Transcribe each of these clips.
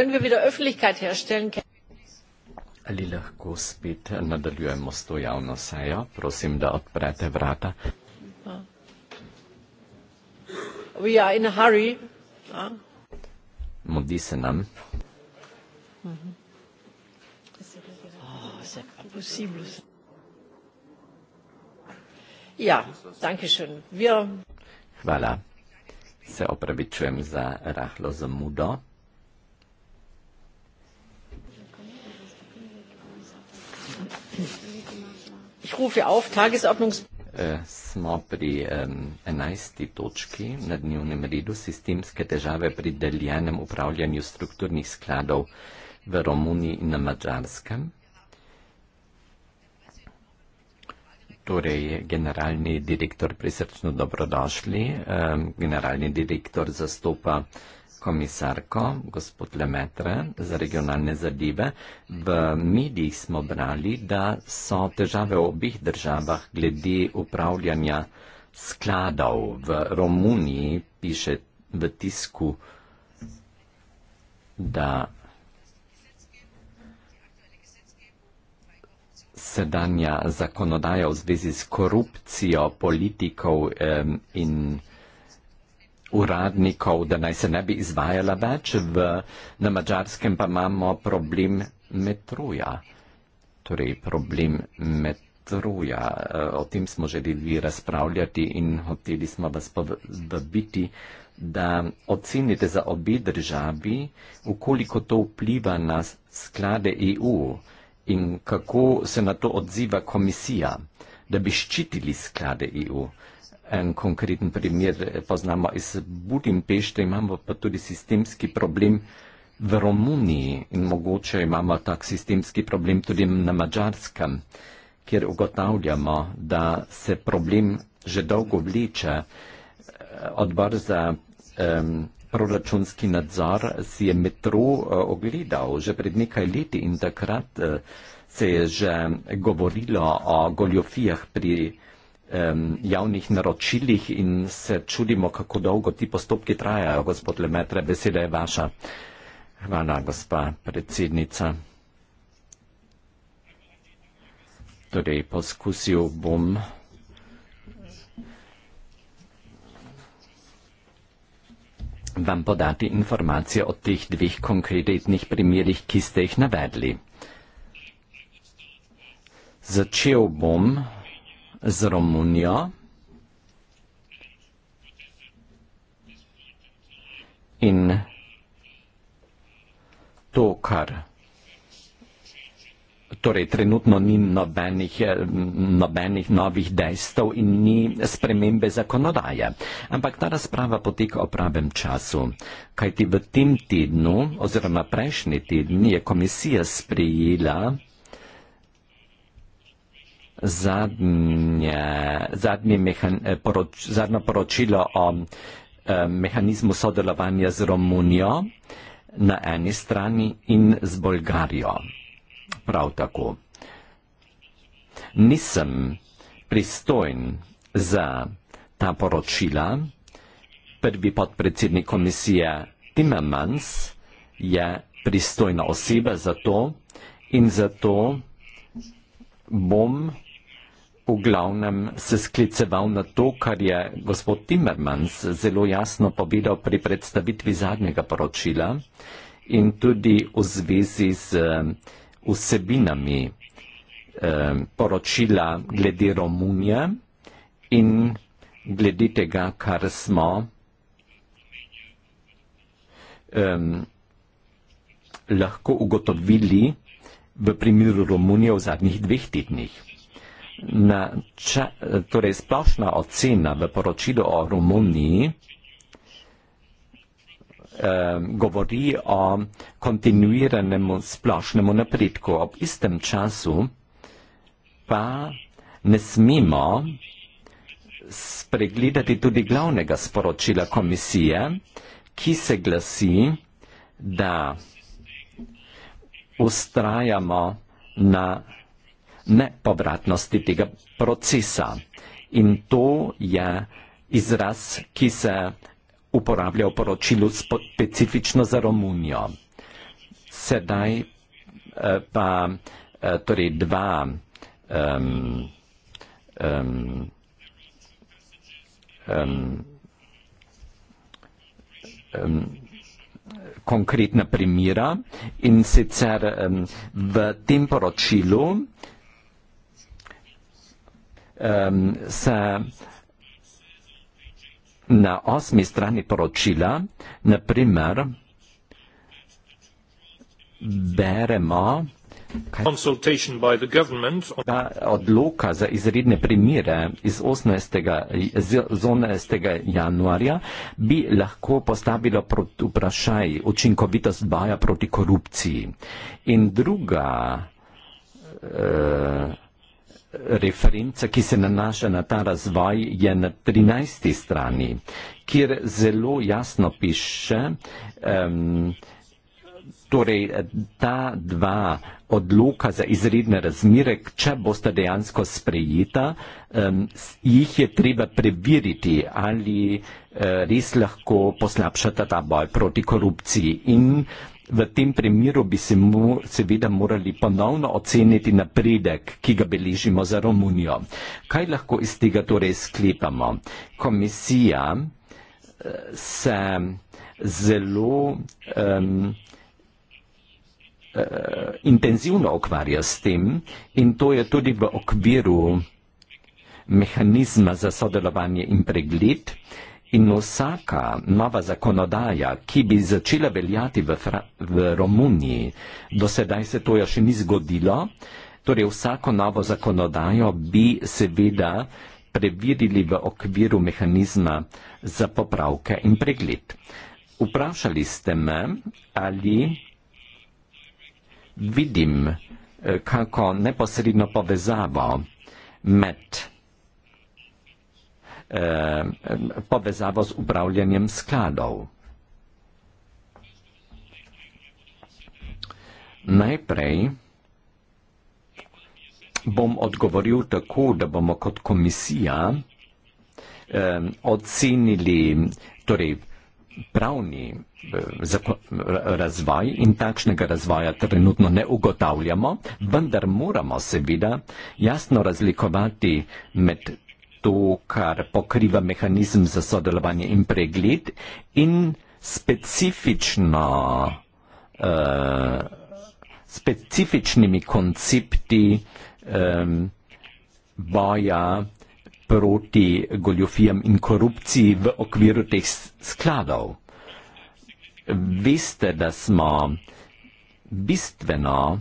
können wir wieder Öffentlichkeit herstellen. Ali lahko spet nadaljujemo s to javno sejo? Prosim, da odprete vrata. We are in a hurry. Ah. Modi se nam. Oh, ja, danke schön. Wir Hvala. Se opravičujem za rahlo zamudo. rufe auf, Tagesordnungs... Eh, smo pri um, 11. točki na dnevnem redu sistemske težave pri deljenem upravljanju strukturnih skladov v Romuniji in na Mačarskem. Torej, generalni direktor, prisrčno dobrodošli. Um, generalni direktor zastopa uh, komisarko, gospod Lemetre, za regionalne zadeve. V medijih smo brali, da so težave v obih državah glede upravljanja skladov. V Romuniji piše v tisku, da sedanja zakonodaja v zvezi s korupcijo politikov eh, in uradnikov, da naj se ne bi izvajala več, v, na mačarskem pa imamo problem metruja. Torej, problem metruja. E, o tem smo želeli razpravljati in hoteli smo vas povabiti, da ocenite za obe državi, ukoliko to vpliva na sklade EU in kako se na to odziva komisija, da bi ščitili sklade EU en konkreten primer eh, poznamo iz Budimpešte, imamo pa tudi sistemski problem v Romuniji in mogoče imamo tak sistemski problem tudi na Mačarskem, kjer ugotavljamo, da se problem že dolgo vleče. Eh, odbor za um, proračunski nadzor si je metro uh, ogledal že pred nekaj leti in takrat uh, se je že govorilo o goljofijah pri uh, javnih naročilih in se čudimo, kako dolgo ti postopki trajajo, gospod Lemetre. Beseda je vaša. Hvala, gospa predsednica. Torej, poskusil bom. vam podati informacije o teh dveh konkretnih primerih, ki ste jih navedli. Začel bom z Romunijo. In to, kar torej, trenutno ni nobenih, nobenih novih dejstev in ni spremembe zakonodaje. Ampak ta razprava poteka o pravem času. Kajti v tem tednu oziroma prejšnji teden je komisija sprejela zadnje, zadnje mehan, eh, poroč, zadnje poročilo o eh, mehanizmu sodelovanja z Romunijo na eni strani in z Bolgarijo. Prav tako. Nisem pristojen za ta poročila. Prvi podpredsednik komisije Timmermans je pristojna oseba za to in zato bom v glavnem se skliceval na to, kar je gospod Timmermans zelo jasno povedal pri predstavitvi zadnjega poročila in tudi v zvezi z eh, vsebinami eh, poročila glede Romunije in glede tega, kar smo um, lahko ugotovili v primeru Romunije v zadnjih dveh tednih na ča, torej splošna ocena v poročilu o Romuniji govori o kontinuiranem splošnem napredku. Ob istem času pa ne smemo spregledati tudi glavnega sporočila komisije, ki se glasi, da ustrajamo na nepovratnosti tega procesa. In to je izraz, ki se uporablja v poročilu specifično za Romunijo. Sedaj eh, pa eh, torej dva um, um, um, um, konkretna primira in sicer um, v tem poročilu um, se na osmi strani poročila, naprimer, beremo, Consultation by the government. Ta odloka za izredne primire iz 18. Z, z 18. januarja bi lahko postavilo prot, vprašaj učinkovitost boja proti korupciji. In druga uh, Referenca, ki se nanaša na ta razvoj, je na 13. strani, kjer zelo jasno piše, um, torej ta dva odloka za izredne razmire, če boste dejansko sprejeta, um, jih je treba preveriti, ali uh, res lahko poslabšata ta boj proti korupciji. In V tem primeru bi se mu, seveda morali ponovno oceniti napredek, ki ga beležimo za Romunijo. Kaj lahko iz tega torej sklepamo? Komisija eh, se zelo um, uh, intenzivno ukvarja s tem in to je tudi v okviru mehanizma za sodelovanje in pregled. Uh, In vsaka nova zakonodaja, ki bi začela veljati v, Fra v Romuniji, do sedaj se to ja še ni zgodilo, torej vsako novo zakonodajo bi seveda preverili v okviru mehanizma za popravke in pregled. Vprašali ste me, ali vidim eh, kako neposredno povezavo med e, povezavo z upravljanjem skladov. Najprej bom odgovoril tako, da bomo kot komisija e, ocenili torej, pravni e, razvoj in takšnega razvoja trenutno ne ugotavljamo, vendar moramo seveda jasno razlikovati med to, kar pokriva mehanizem za sodelovanje in pregled in specifično uh, specifičnimi koncepti um, boja proti goljofijam in korupciji v okviru teh skladov. Veste, da smo bistveno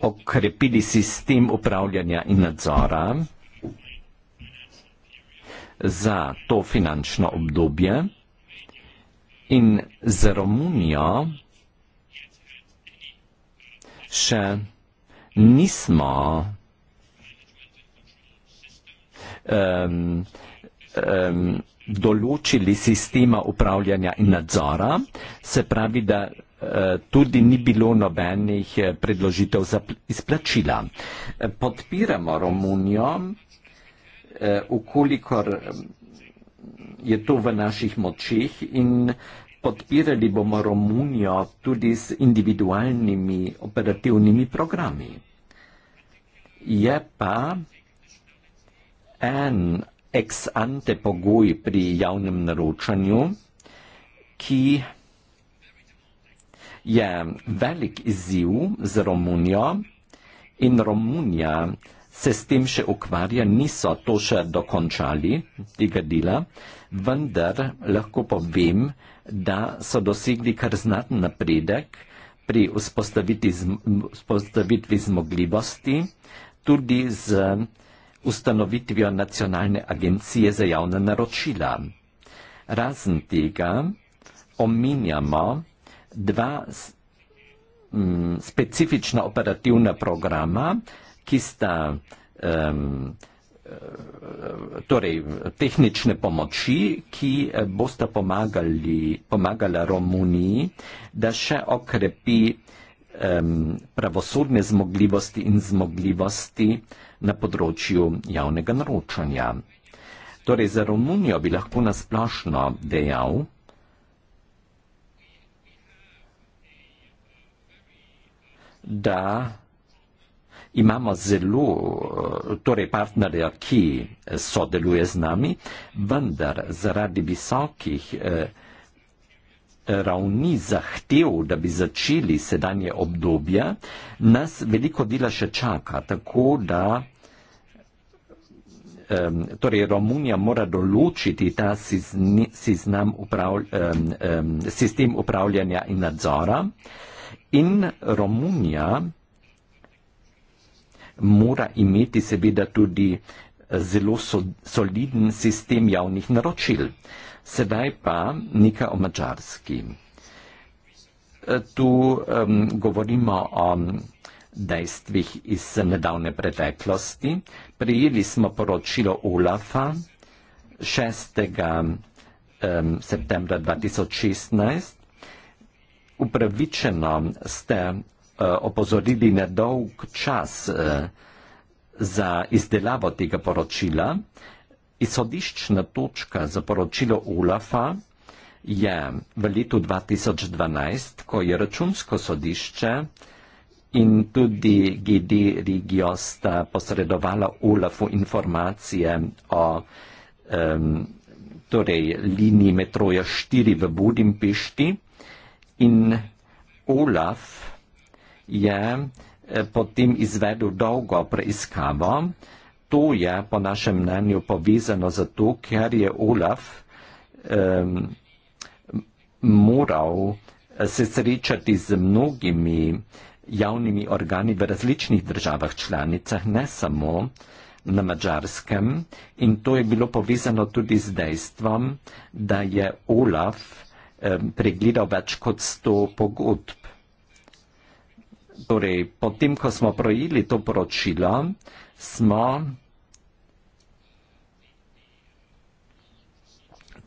okrepili sistem upravljanja in nadzora za to finančno obdobje in z Romunijo še nismo um, um, določili sistema upravljanja in nadzora, se pravi, da eh, tudi ni bilo nobenih eh, predložitev za izplačila. Podpiramo Romunijo, Eh, ukolikor mm, je to v naših močeh in podpirali bomo Romunijo tudi z individualnimi operativnimi programi. Je pa en ex ante pogoj pri javnem naročanju, ki je velik izziv za Romunijo in Romunija se s tem še ukvarja, niso to še dokončali tega dela, vendar lahko povem, da so dosegli kar znaten napredek pri vzpostavitvi zmogljivosti, tudi z ustanovitvijo nacionalne agencije za javna naročila. Razen tega omenjamo dva specifična operativna programa, ki sta um, torej, tehnične pomoči, ki eh, bosta pomagali, pomagala Romuniji, da še okrepi um, pravosodne zmogljivosti in zmogljivosti na področju javnega naročanja. Torej, za Romunijo bi lahko nasplošno dejal, da imamo zelo, eh, torej partnerja, ki sodeluje z nami, vendar zaradi visokih eh, ravni zahtev, da bi začeli sedanje obdobje, nas veliko dela še čaka, tako da um, torej Romunija mora določiti ta sistem, upravl, um, um, sistem upravljanja in nadzora in Romunija mora imeti seveda tudi eh, zelo so, soliden sistem javnih naročil. Sedaj pa nekaj o mačarski. Eh, tu um, govorimo o dejstvih iz nedavne preteklosti. Prijeli smo poročilo Olafa 6. Um, septembra 2016. Upravičeno ste Eh, opozorili na dolg čas eh, za izdelavo tega poročila. Izhodiščna točka za poročilo ULAFA je v letu 2012, ko je računsko sodišče in tudi GD Rigiosta posredovala ULAFu informacije o um, torej liniji metroja 4 v Budimpešti in ULAF je eh, potem izvedel dolgo preiskavo. To je po našem mnenju povezano zato, ker je Olaf um, moral eh, se srečati z mnogimi javnimi organi v različnih državah članicah, ne samo na mačarskem. In to je bilo povezano tudi z dejstvom, da je Olaf um, pregledal več kot sto pogodb Torej, potem, ko smo projili to poročilo, smo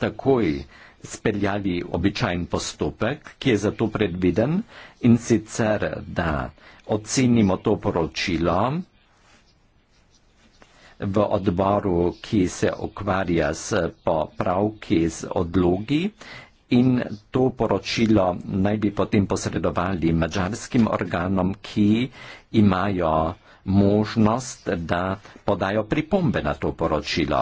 takoj speljali običajen postopek, ki je zato predviden in sicer, da ocenimo to poročilo v odboru, ki se ukvarja s popravki z odlogi In to poročilo naj bi potem posredovali mačarskim organom, ki imajo možnost, da podajo pripombe na to poročilo.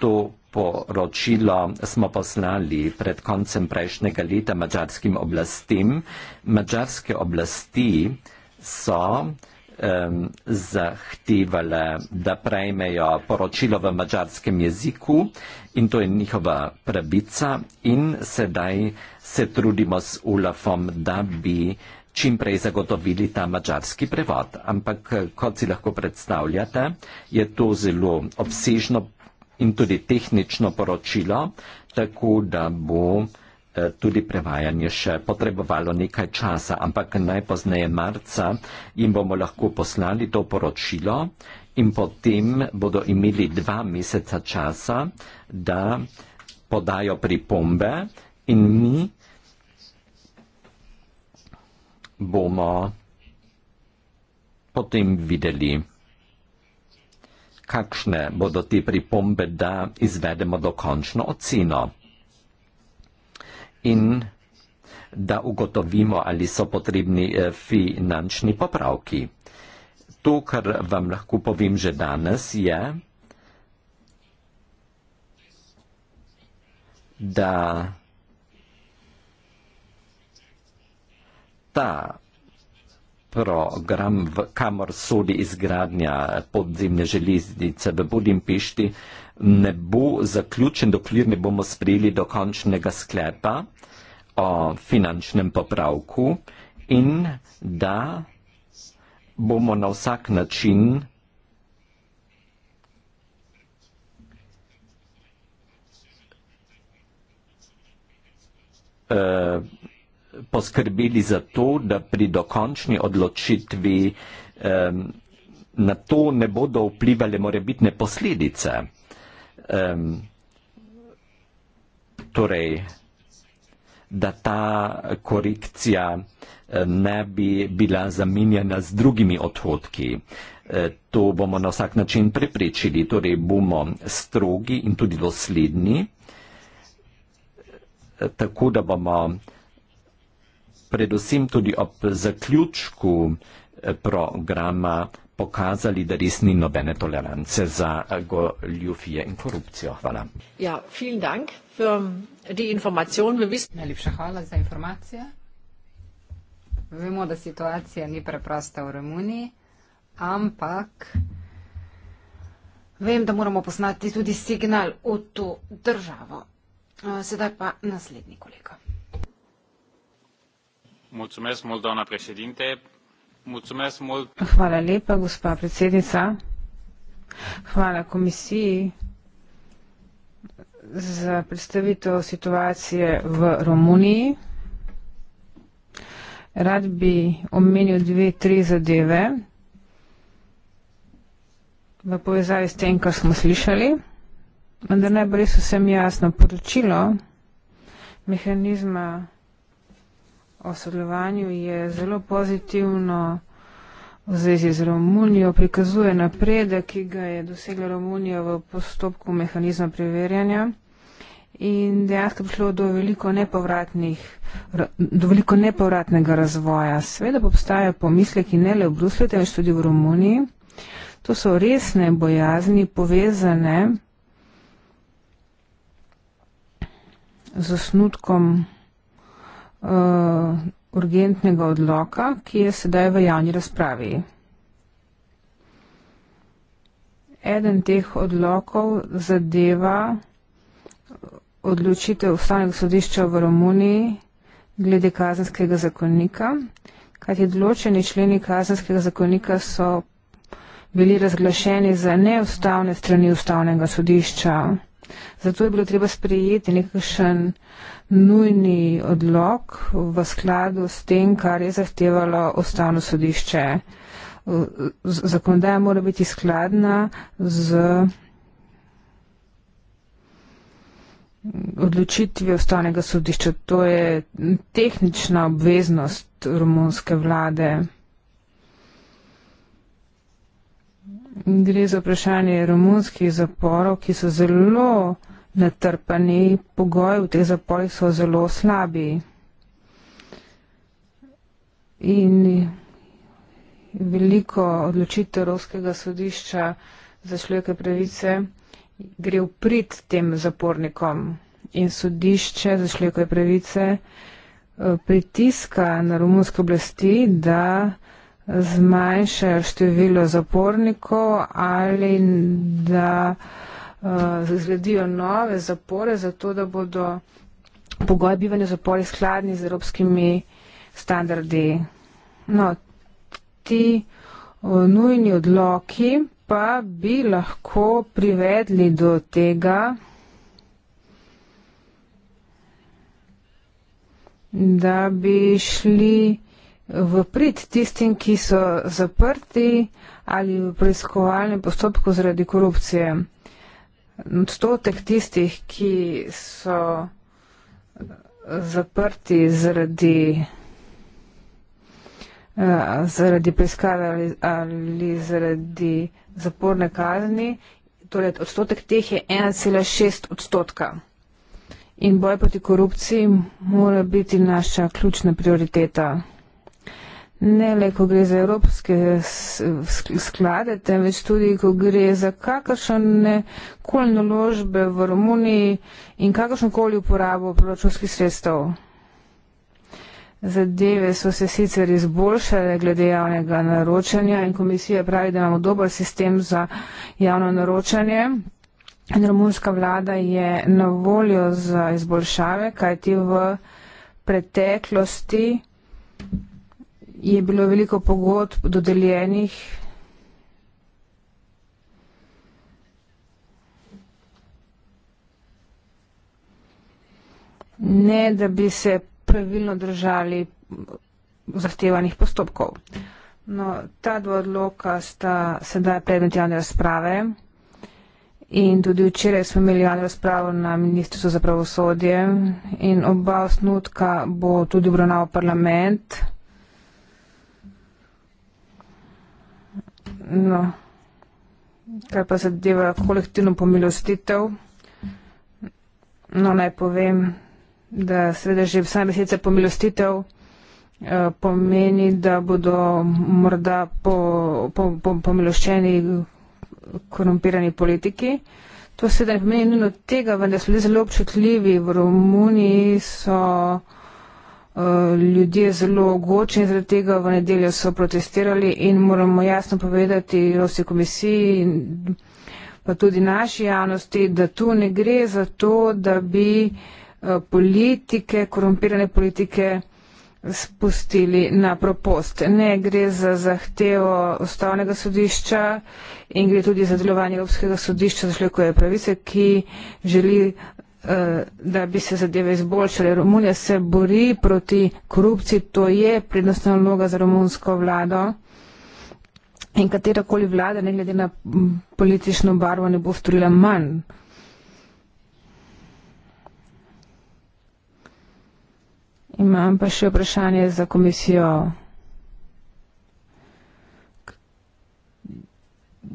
To poročilo smo poslali pred koncem prejšnjega leta mačarskim oblastim. Mačarske oblasti so um, zahtevale, da prejmejo poročilo v mačarskem jeziku in to je njihova pravica in sedaj se trudimo s ULAFom, da bi čim prej zagotovili ta mačarski prevod. Ampak, kot si lahko predstavljate, je to zelo obsežno in tudi tehnično poročilo, tako da bo Eh, tudi prevajanje še potrebovalo nekaj časa, ampak najpozneje marca jim bomo lahko poslali to poročilo in potem bodo imeli dva meseca časa, da podajo pripombe in mi bomo potem videli, kakšne bodo te pripombe, da izvedemo dokončno oceno in da ugotovimo, ali so potrebni eh, finančni popravki. To, kar vam lahko povem že danes, je, da ta program, v, kamor sodi izgradnja podzemne železnice v Budimpešti, ne bo zaključen, dokler ne bomo sprejeli dokončnega sklepa o finančnem popravku in da bomo na vsak način uh, poskrbeli za to, da pri dokončni odločitvi um, na to ne bodo vplivali morebitne posledice. Um, torej, da ta korekcija ne bi bila zamenjena z drugimi odhodki. E, to bomo na vsak način preprečili, torej bomo strogi in tudi dosledni, e, tako da bomo predvsem tudi ob zaključku eh, programa pokazali, da res ni nobene tolerance za eh, goljufije in korupcijo. Hvala. Ja, vielen Dank für die Information. Wir wissen... Najlepša hvala za informacije. Vemo, da situacija ni preprosta v Romuniji, ampak vem, da moramo poznati tudi signal v to državo. Eh, sedaj pa naslednji kolega. Hvala lepa, gospa predsednica. Hvala komisiji za predstavitev situacije v Romuniji. Rad bi omenil dve, tri zadeve v povezavi s tem, kar smo slišali, vendar najbolj res vsem jasno poročilo mehanizma o sodelovanju je zelo pozitivno v zvezi z Romunijo, prikazuje napredek, ki ga je dosegla Romunija v postopku mehanizma preverjanja in dejansko prišlo do veliko, do veliko nepovratnega razvoja. Sveda pa obstajajo pomisleki ne le v Bruslju, temveč tudi v Romuniji. To so resne bojazni povezane z osnutkom uh, urgentnega odloka, ki je sedaj v javni razpravi. Eden teh odlokov zadeva odločitev ustavnega sodišča v Romuniji glede kazanskega zakonika, kajti določeni členi kazanskega zakonika so bili razglašeni za neustavne strani ustavnega sodišča. Zato je bilo treba sprejeti nekakšen nujni odlog v skladu s tem, kar je zahtevalo ustavno sodišče. Zakonodaja mora biti skladna z odločitvijo ustavnega sodišča. To je tehnična obveznost romunske vlade. Gre za vprašanje romunskih zaporov, ki so zelo natrpani, pogoji v teh zaporih so zelo slabi. In veliko odločitev Ruskega sodišča za človeške pravice gre v prid tem zapornikom. In sodišče za človeške pravice eh, pritiska na romunske oblasti, da zmanjšajo število zapornikov ali da uh, zgradijo nove zapore, zato da bodo pogoji bivanja zapore skladni z evropskimi standardi. No, ti uh, nujni odloki pa bi lahko privedli do tega, da bi šli v prid tistim, ki so zaprti ali v preiskovalnem postopku zaradi korupcije. Odstotek tistih, ki so zaprti zaradi, eh, zaradi preiskave ali, ali zaradi zaporne kazni, torej odstotek teh je 1,6 odstotka. In boj proti korupciji mora biti naša ključna prioriteta ne le, ko gre za evropske sklade, temveč tudi, ko gre za kakršne koli naložbe v Romuniji in kakršno koli uporabo proračunskih sredstev. Zadeve so se sicer izboljšale glede javnega naročanja in komisija pravi, da imamo dober sistem za javno naročanje. In romunska vlada je na voljo za izboljšave, kajti v preteklosti je bilo veliko pogodb dodeljenih. ne da bi se pravilno držali zahtevanih postopkov. No, ta dva odloka sta sedaj predmet javne razprave in tudi včeraj smo imeli javno razpravo na Ministrstvu za pravosodje in oba osnutka bo tudi obravnaval parlament. No, kaj pa zadeva kolektivno pomilostitev? No, naj povem, da seveda že vsaj mesece pomilostitev eh, pomeni, da bodo morda po, po, po, pomiloščeni korumpirani politiki. To seveda ne pomeni nujno tega, vendar so ljudje zelo občutljivi. V Romuniji so. Eh, ljudje zelo ogočeni zaradi tega, v nedeljo so protestirali in moramo jasno povedati Evropski komisiji, pa tudi naši javnosti, da tu ne gre za to, da bi eh, politike, korumpirane politike spustili na propost. Ne gre za zahtevo ustavnega sodišča in gre tudi za delovanje Evropskega sodišča za človekove pravice, ki želi Eh, da bi se zadeve izboljšale. Romunija se bori proti korupciji, to je prednostna vloga za romunsko vlado. In katerakoli vlada, ne glede na politično barvo, ne bo storila manj. Imam pa še vprašanje za komisijo.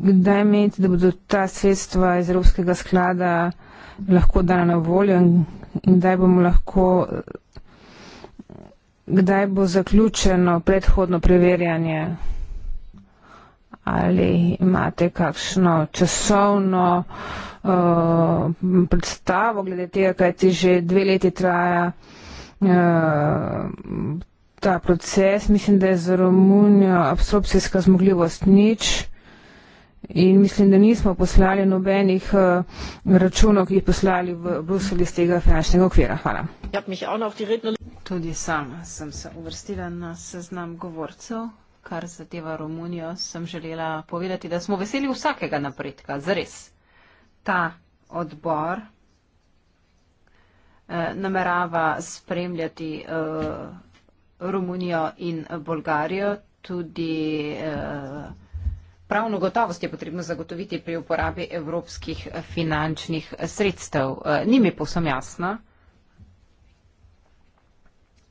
kdaj meni, da bodo ta sredstva iz Evropskega sklada lahko dana na voljo in kdaj bomo lahko, kdaj bo zaključeno predhodno preverjanje, ali imate kakšno časovno uh, predstavo glede tega, kaj ti že dve leti traja uh, ta proces. Mislim, da je za Romunijo absorpcijska zmogljivost nič in mislim, da nismo poslali nobenih eh, računov, ki jih poslali v Bruselj iz tega finančnega okvira. Hvala. Tudi sama sem se uvrstila na seznam govorcev, kar zadeva Romunijo. Sem želela povedati, da smo veseli vsakega napredka, zares. Ta odbor eh, namerava spremljati eh, Romunijo in Bolgarijo, tudi eh, Pravno gotovost je potrebno zagotoviti pri uporabi evropskih eh, finančnih eh, sredstev. Eh, ni mi povsem jasno,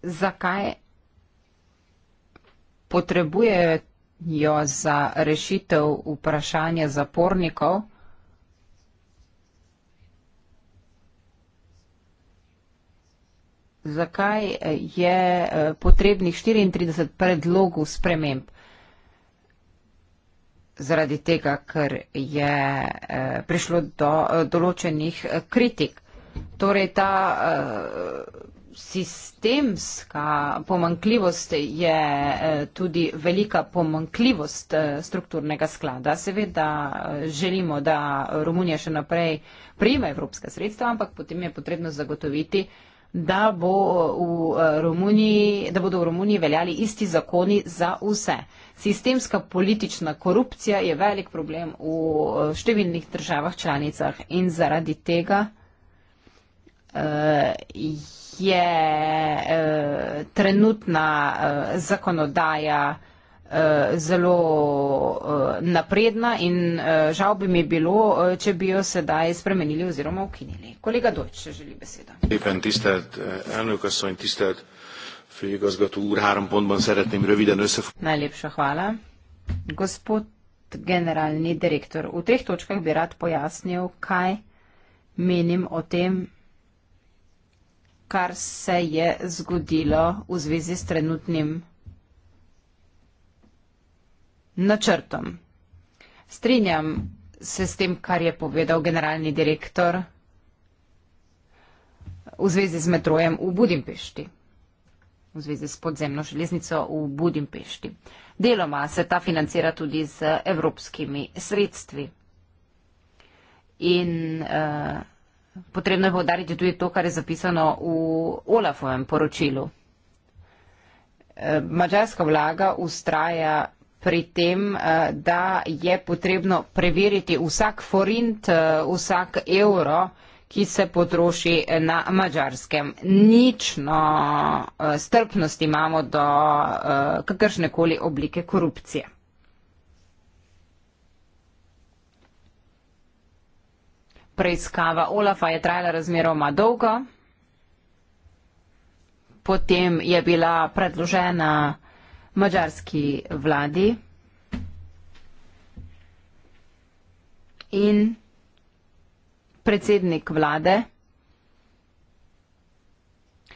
zakaj potrebujejo za rešitev vprašanja zapornikov Zakaj je potrebnih 34 predlogov sprememb? zaradi tega, ker je eh, prišlo do eh, določenih eh, kritik. Torej, ta sistemska pomankljivost je tudi velika pomankljivost strukturnega sklada. Seveda želimo, da Romunija še naprej prijema evropska sredstva, ampak potem je potrebno zagotoviti, da, bo v Romuniji, da bodo v Romuniji veljali isti zakoni za vse. Sistemska politična korupcija je velik problem v eh, številnih državah članicah in zaradi tega eh, je eh, trenutna zakonodaja zelo napredna in žal bi mi bilo, če bi jo sedaj spremenili oziroma ukinili. Kolega Dojč, če želi besedo főigazgató úr, három pontban szeretném röviden összefoglalni. Najlepša hvala. Gospod generálni direktor, v treh točkah bi rád pojasnil, kaj menim o tem, kar se je zgodilo v zvezi s trenutnim načrtom. Strinjam se s tem, kar je povedal generalni direktor v zvezi z metrojem v Budimpešti v zvezi s podzemno železnico v Budimpešti. Deloma se ta financira tudi z evropskimi sredstvi. In eh, potrebno je povdariti tudi to, kar je zapisano v Olafovem poročilu. Eh, mađarska vlaga ustraja pri tem, eh, da je potrebno preveriti vsak forint, eh, vsak evro, eh, ki se potroši na mačarskem. Nično eh, strpnost imamo do eh, kakršne koli oblike korupcije. Preiskava Olafa je trajala razmeroma dolgo, potem je bila predložena mačarski vladi in Predsednik vlade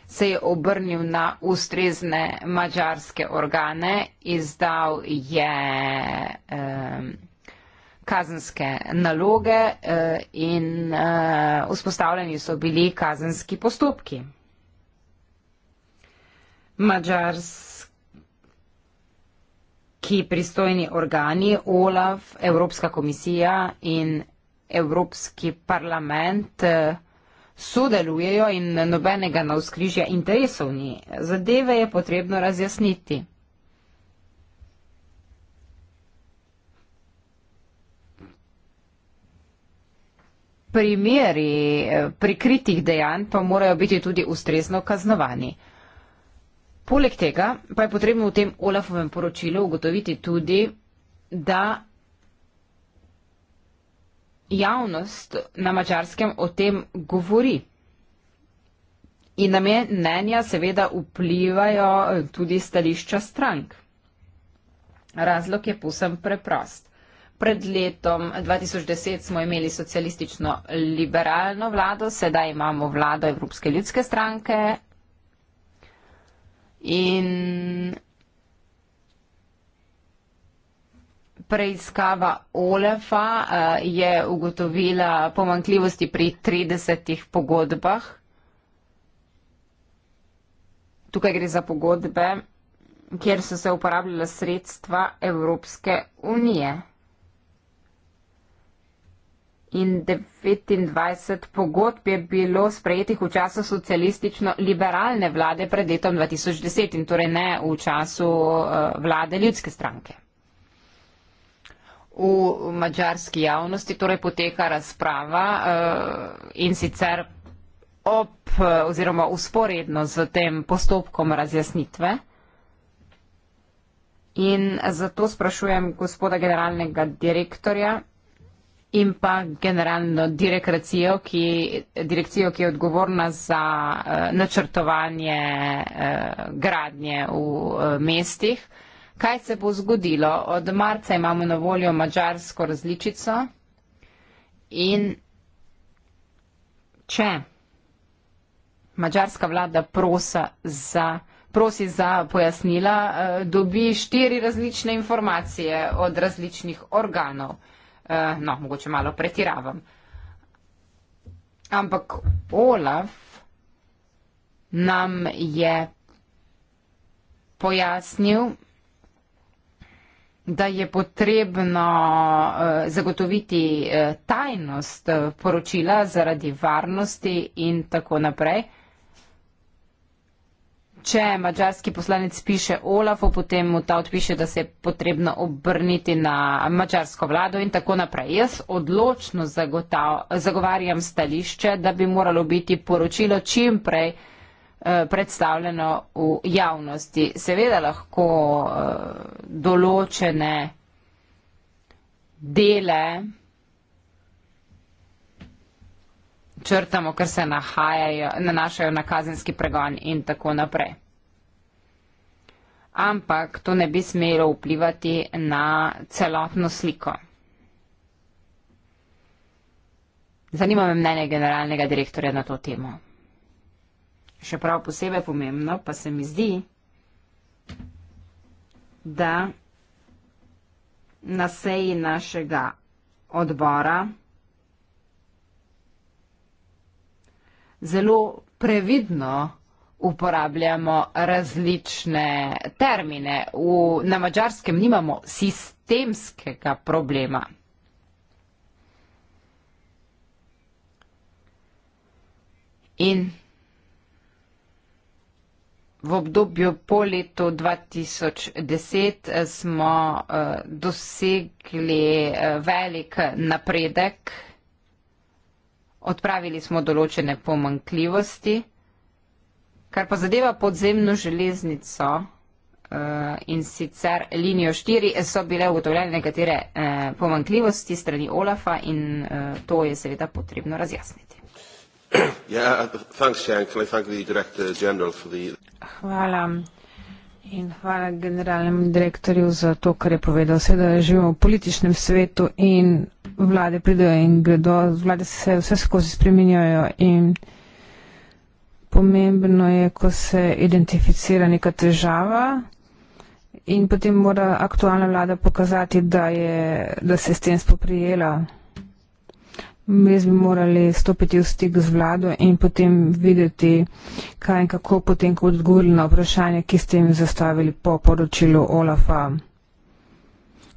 se je obrnil na ustrezne mačarske organe, izdal je eh, kazenske naloge eh, in eh, vzpostavljeni so bili kazenski postopki. Mačarski pristojni organi, OLAF, Evropska komisija in Evropski parlament eh, sodelujejo in nobenega navskrižja interesov ni. Zadeve je potrebno razjasniti. Primeri eh, prikritih dejanj pa morajo biti tudi ustrezno kaznovani. Poleg tega pa je potrebno v tem Olafovem poročilu ugotoviti tudi, da javnost na mačarskem o tem govori. In na mnenja seveda vplivajo tudi stališča strank. Razlog je posem preprost. Pred letom 2010 smo imeli socialistično liberalno vlado, sedaj imamo vlado Evropske ljudske stranke. In preiskava OLEFA eh, je ugotovila pomankljivosti pri 30 pogodbah. Tukaj gre za pogodbe, kjer so se uporabljala sredstva Evropske unije. In 29 pogodb je bilo sprejetih v času socialistično-liberalne vlade pred letom 2010 in torej ne v času eh, vlade ljudske stranke v mađarski javnosti torej poteka razprava uh, in sicer ob eh, oziroma usporedno z tem postopkom razjasnitve. In zato sprašujem gospoda generalnega direktorja in pa generalno direkcijo, ki, direkcijo, ki je odgovorna za uh, načrtovanje uh, gradnje v uh, mestih. Uh, Kaj se bo zgodilo? Od marca imamo na voljo mačarsko različico in če mačarska vlada prosa za, prosi za pojasnila, eh, dobi štiri različne informacije od različnih organov. Eh, no, mogoče malo pretiravam. Ampak Olaf nam je pojasnil, da je potrebno eh, zagotoviti eh, tajnost eh, poročila zaradi varnosti in tako naprej. Če mađarski poslanec piše Olafu, potem mu ta odpiše, da se je potrebno obrniti na mađarsko vlado in tako naprej. Jaz odločno zagotav, zagovarjam stališče, da bi moralo biti poročilo čimprej uh, Eh, predstavljeno v javnosti. Seveda lahko eh, določene dele črtamo, ker se nanašajo na kazenski pregon in tako naprej. Ampak to ne bi smelo vplivati na celotno sliko. Zanima me mnenje generalnega direktorja na to temo še prav posebej pomembno, pa se mi zdi, da na seji našega odbora zelo previdno uporabljamo različne termine. V, na mačarskem nimamo sistemskega problema. In V obdobju po letu 2010 smo eh, dosegli eh, velik napredek, odpravili smo določene pomankljivosti, kar pa zadeva podzemno železnico eh, in sicer linijo 4 so bile ugotovljene nekatere pomankljivosti strani Olafa in to je seveda potrebno razjasniti. Yeah, ja, thanks, Jan. Can I thank the Director General for the hvala in hvala generalnemu direktorju za to, kar je povedal. Seveda živimo v političnem svetu in vlade pridejo in gredo, vlade se vse skozi spreminjajo in pomembno je, ko se identificira neka težava in potem mora aktualna vlada pokazati, da, je, da se je s tem spoprijela. Mi bi morali stopiti v stik z vlado in potem videti, kaj in kako potem, ko odgovori na vprašanje, ki ste jim zastavili po poročilu OLAF-a.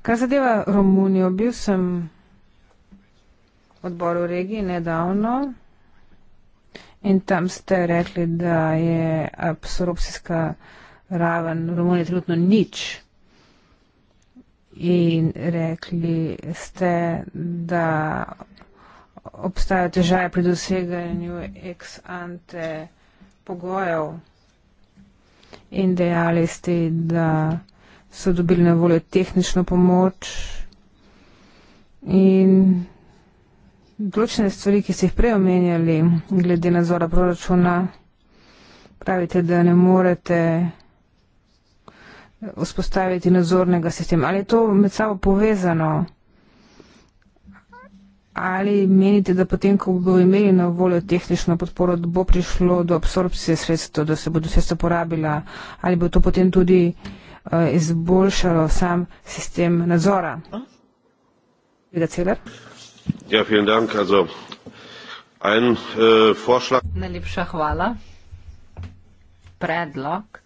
Kar zadeva Romunijo, bil sem odboru regiji nedavno in tam ste rekli, da je absorpcijska raven Romunije trenutno nič. In rekli ste, da obstajajo težave pri doseganju ex ante pogojev in dejali ste, da so dobili na voljo tehnično pomoč in določene stvari, ki ste jih prej omenjali, glede nadzora proračuna, pravite, da ne morete vzpostaviti nadzornega sistema. Ali je to med sabo povezano? Ali menite, da potem, ko bo imeli na voljo tehnično podporo, da bo prišlo do absorpcije sredstev, da se bodo sredstva porabila, ali bo to potem tudi uh, izboljšalo sam sistem nadzora? Ja, dank, also, ein, uh, Najlepša hvala. Predlog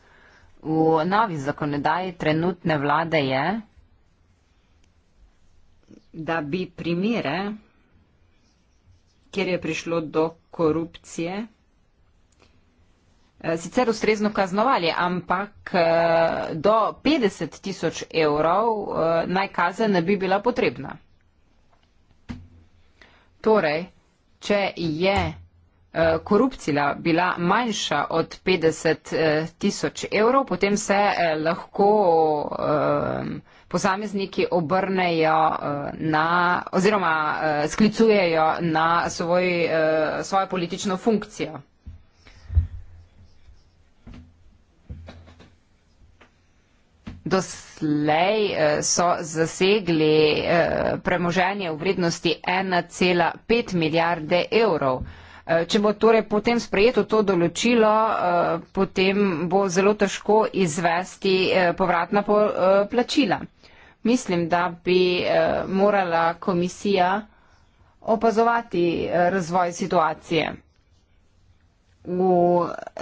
v novi zakonodaji trenutne vlade je, da bi primere, kjer je prišlo do korupcije. Eh, sicer ustrezno kaznovali, ampak eh, do 50 tisoč evrov eh, naj kazen ne bi bila potrebna. Torej, če je korupcija bila manjša od 50 tisoč evrov, potem se lahko. Um, posamezniki obrnejo eh, na oziroma eh, sklicujejo na svoj, eh, svojo politično funkcijo. Doslej so zasegli premoženje v vrednosti 1,5 milijarde evrov. Če bo torej potem sprejeto to določilo, potem bo zelo težko izvesti povratna plačila mislim, da bi uh, morala komisija opazovati eh, razvoj situacije. V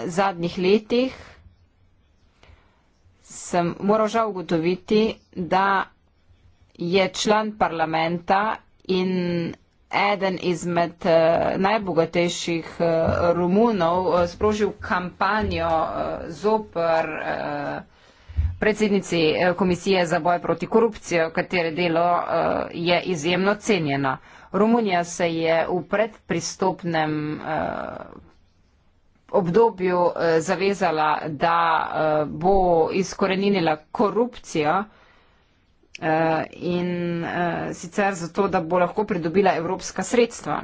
zadnjih letih sem moral žal ugotoviti, da je član parlamenta in eden izmed eh, najbogatejših Romunov sprožil kampanjo zopr predsednici eh, Komisije za boj proti korupcijo, katere delo eh, je izjemno cenjeno. Romunija se je v predpristopnem eh, obdobju zavezala, da bo izkoreninila korupcijo in sicer zato, da bo lahko pridobila evropska sredstva.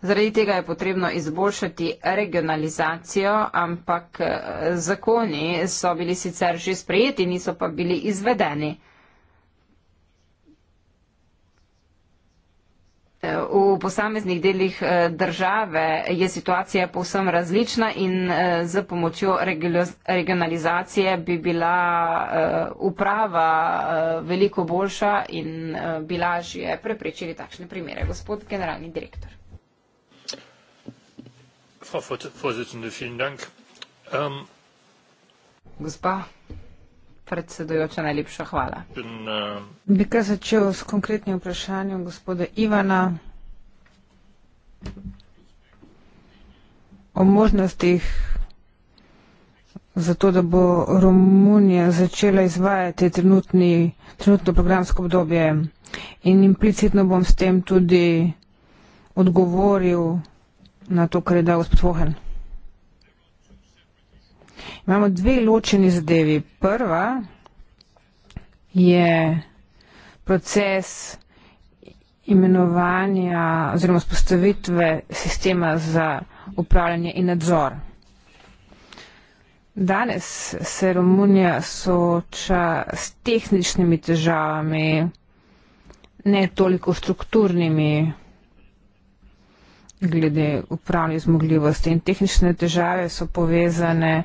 Zaradi tega je potrebno izboljšati regionalizacijo, ampak eh, zakoni so bili sicer že sprejeti, niso pa bili izvedeni. V posameznih delih eh, države je situacija povsem različna in eh, z pomočjo regionalizacije bi bila uprava veliko boljša in bi lažje preprečili takšne primere. Gospod generalni direktor frau predsednica, um, ähm, gospa predsedujoča, najlepša hvala. In, uh, äh, Bi kar začel s konkretnim vprašanjem gospoda Ivana o možnostih za to, da bo Romunija začela izvajati trenutni, trenutno programsko obdobje. In implicitno bom s tem tudi odgovoril na to, kar je dal gospod Vohen. Imamo dve ločeni zadevi. Prva je proces imenovanja oziroma spostavitve sistema za upravljanje in nadzor. Danes se Romunija sooča s tehničnimi težavami, ne toliko strukturnimi glede upravnih zmogljivosti. In tehnične težave so povezane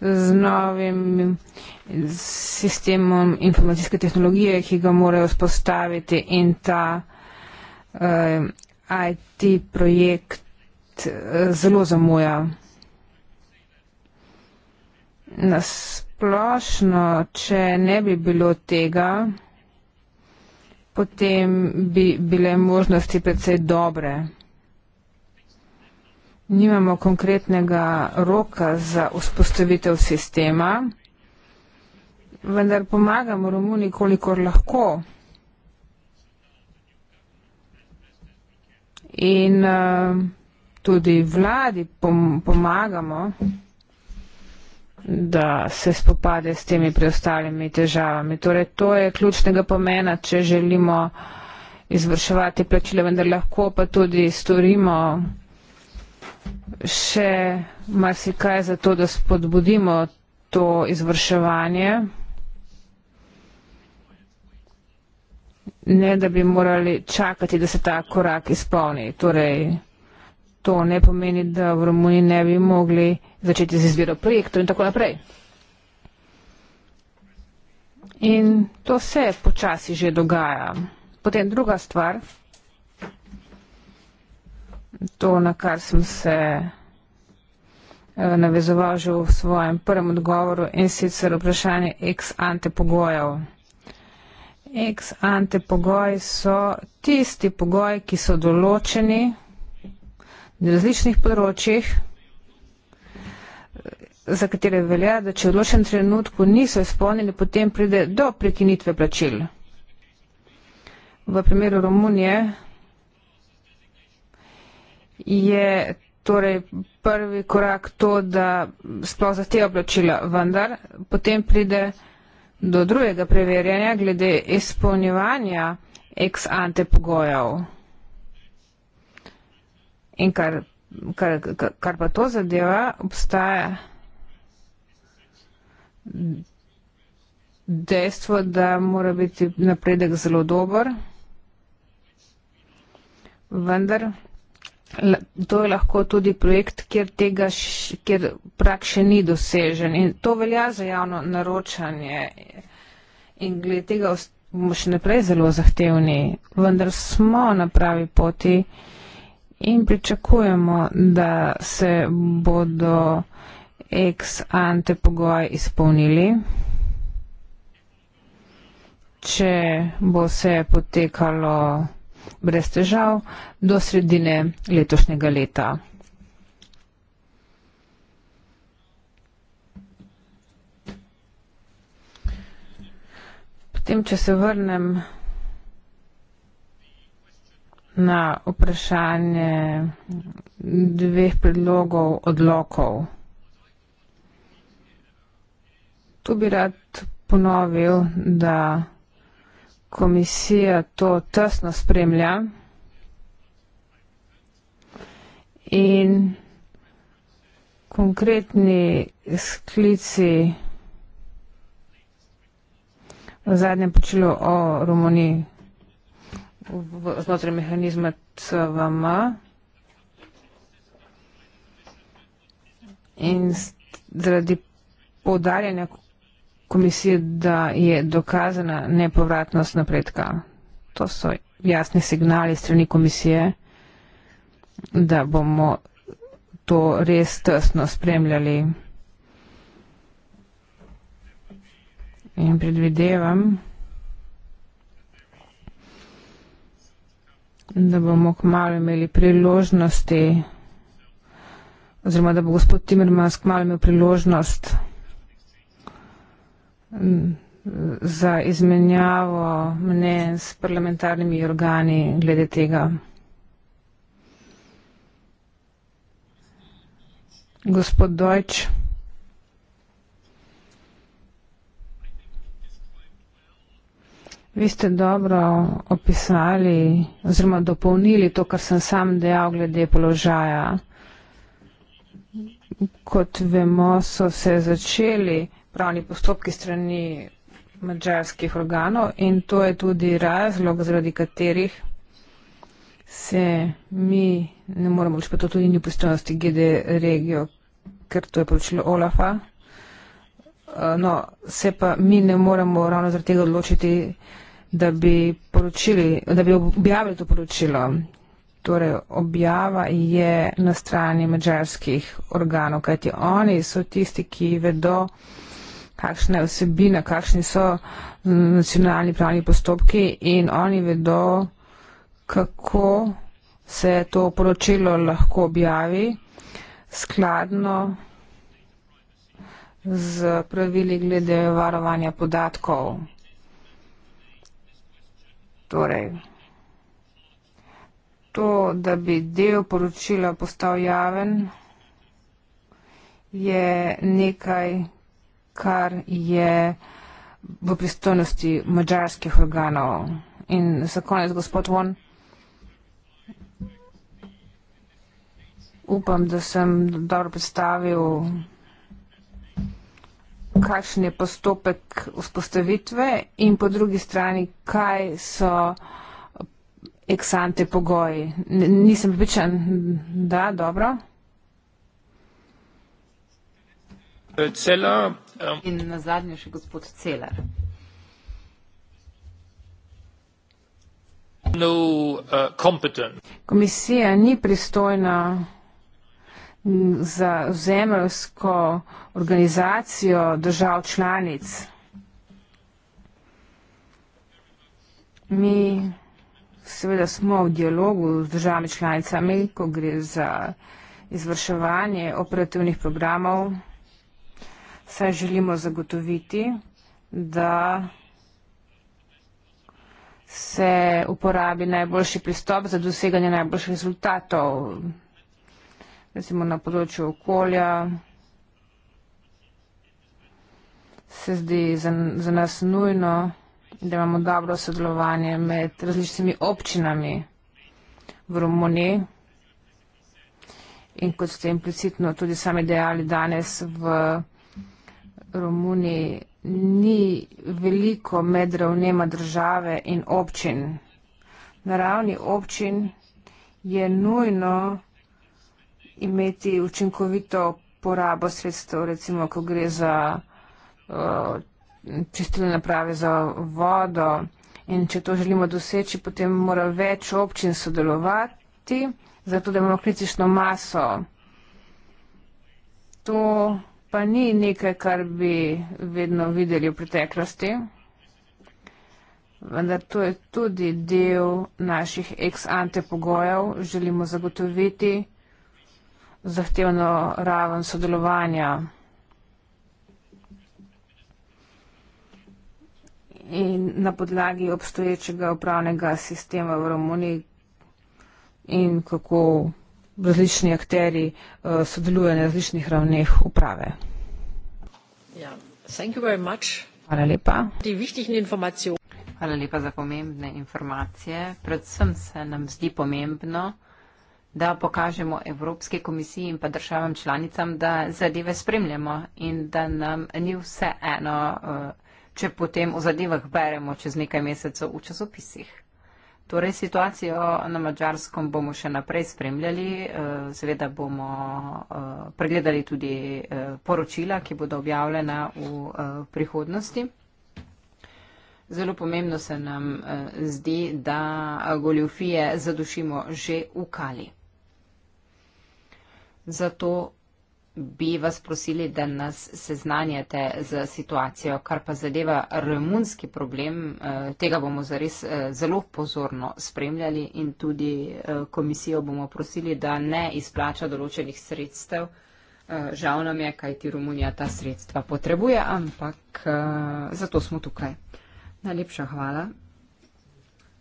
z novim sistemom informacijske tehnologije, ki ga morajo spostaviti in ta uh, eh, IT projekt uh, zelo zamuja. Nasplošno, če ne bi bilo tega, potem bi bile možnosti predvsej dobre nimamo konkretnega roka za vzpostavitev sistema, vendar pomagamo Romuni, kolikor lahko. In uh, tudi vladi pom pomagamo, da se spopade s temi preostalimi težavami. Torej, to je ključnega pomena, če želimo izvrševati plačile, vendar lahko pa tudi storimo še marsikaj za to, da spodbudimo to izvrševanje. Ne, da bi morali čakati, da se ta korak izpolni. Torej, to ne pomeni, da v Romuniji ne bi mogli začeti z izbiro projektov in tako naprej. In to se počasi že dogaja. Potem druga stvar to, na kar sem se eh, navezoval že v svojem prvem odgovoru in sicer vprašanje ex ante pogojev. Ex ante pogoji so tisti pogoji, ki so določeni na različnih področjih, za katere velja, da če v določenem trenutku niso izpolnili, potem pride do prekinitve plačil. V primeru Romunije je torej prvi korak to, da sploh zahteva oblačila, vendar potem pride do drugega preverjanja glede izpolnjevanja ex ante pogojev. In kar, kar, kar pa to zadeva, obstaja dejstvo, da mora biti napredek zelo dober, vendar to je lahko tudi projekt, kjer, tega, kjer prak še ni dosežen. In to velja za javno naročanje. In glede tega bomo še naprej zelo zahtevni, vendar smo na pravi poti in pričakujemo, da se bodo ex ante pogoji izpolnili. Če bo vse potekalo brez težav do sredine letošnjega leta. Potem, če se vrnem na vprašanje dveh predlogov odlokov. Tu bi rad ponovil, da komisija to tesno spremlja in konkretni sklici v zadnjem počelu o Romuniji znotraj mehanizma CVM in zaradi podarjanja, komisije, da je dokazana nepovratnost napredka. To so jasni signali strani komisije, da bomo to res tesno spremljali. In predvidevam, da bomo kmalo imeli priložnosti, oziroma da bo gospod Timmermans kmalo imel priložnost, Mm, za izmenjavo mnen s parlamentarnimi organi glede tega. Gospod Dojč. Vi ste dobro opisali oziroma dopolnili to, kar sem sam dejal glede položaja. Kot vemo, so se začeli pravni postopki strani mačarskih organov in to je tudi razlog, zaradi katerih se mi ne moremo več, pa to tudi ni pristojnosti GD regijo, ker to je poročilo Olafa. Eh, no, se pa mi ne moremo ravno zaradi tega odločiti, da bi, poročili, da bi objavili to poročilo. Torej, objava je na strani mačarskih organov, kajti oni so tisti, ki vedo, kakšna je vsebina, kakšni so mm, nacionalni pravni postopki in oni vedo, kako se to poročilo lahko objavi skladno z pravili glede varovanja podatkov. Torej, to, da bi del poročila postal javen, je nekaj, kar je v pristojnosti mađarskih organov. In za konec, gospod Von, upam, da sem dobro predstavil, kakšen je postopek vzpostavitve in po drugi strani, kaj so eksante pogoji. N nisem pripričan, da, dobro. Cela. Um, In na zadnje še gospod Celer. No, uh, Komisija ni pristojna za zemljsko organizacijo držav članic. Mi seveda smo v dialogu z državami članicami, ko gre za izvrševanje operativnih programov saj želimo zagotoviti, da se uporabi najboljši pristop za doseganje najboljših rezultatov, recimo na področju okolja. Se zdi za, za nas nujno, da imamo dobro sodelovanje med različnimi občinami v Romuniji in kot ste implicitno tudi sami dejali danes v Romuniji ni veliko med ravnema države in občin. Na ravni občin je nujno imeti učinkovito porabo sredstev, recimo, ko gre za uh, čistilne naprave za vodo in če to želimo doseči, potem mora več občin sodelovati, zato da imamo kritično maso. To pa ni nekaj, kar bi vedno videli v preteklosti. Vendar to je tudi del naših ex ante pogojev. Želimo zagotoviti zahtevno raven sodelovanja. In na podlagi obstoječega upravnega sistema v Romuniji in kako različni akteri uh, sodelujejo na različnih ravneh uprave. Ja, thank you very much. Hvala lepa. Hvala lepa za pomembne informacije. Predvsem se nam zdi pomembno, da pokažemo Evropske komisiji in pa državam članicam, da zadeve spremljamo in da nam ni vse eno, eh, če potem o zadevah beremo čez nekaj mesecev v časopisih. Torej, situacijo na Mačarskem bomo še naprej spremljali. Eh, seveda bomo eh, pregledali tudi eh, poročila, ki bodo objavljena v prihodnosti. Zelo pomembno se nam zdi, da goljufije zadušimo že v kali. Zato bi vas prosili, da nas seznanjate z situacijo, kar pa zadeva romunski problem. Eh, tega bomo zares eh, zelo pozorno spremljali in tudi eh, komisijo bomo prosili, da ne izplača določenih sredstev. Žal nam je, kaj ti Romunija ta sredstva potrebuje, ampak zato smo tukaj. Najlepša hvala.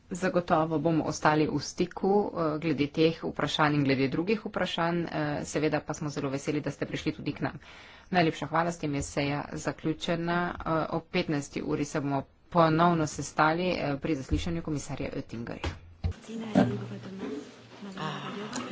Zagotovo bomo ostali v stiku eh, glede teh vprašanj in glede drugih vprašanj. Eh, seveda pa smo zelo veseli, da ste prišli tudi k nam. Najlepša hvala, s tem je seja zaključena. Eh, ob 15. uri se bomo ponovno sestali pri zaslišanju komisarja Oettingerja. Hvala.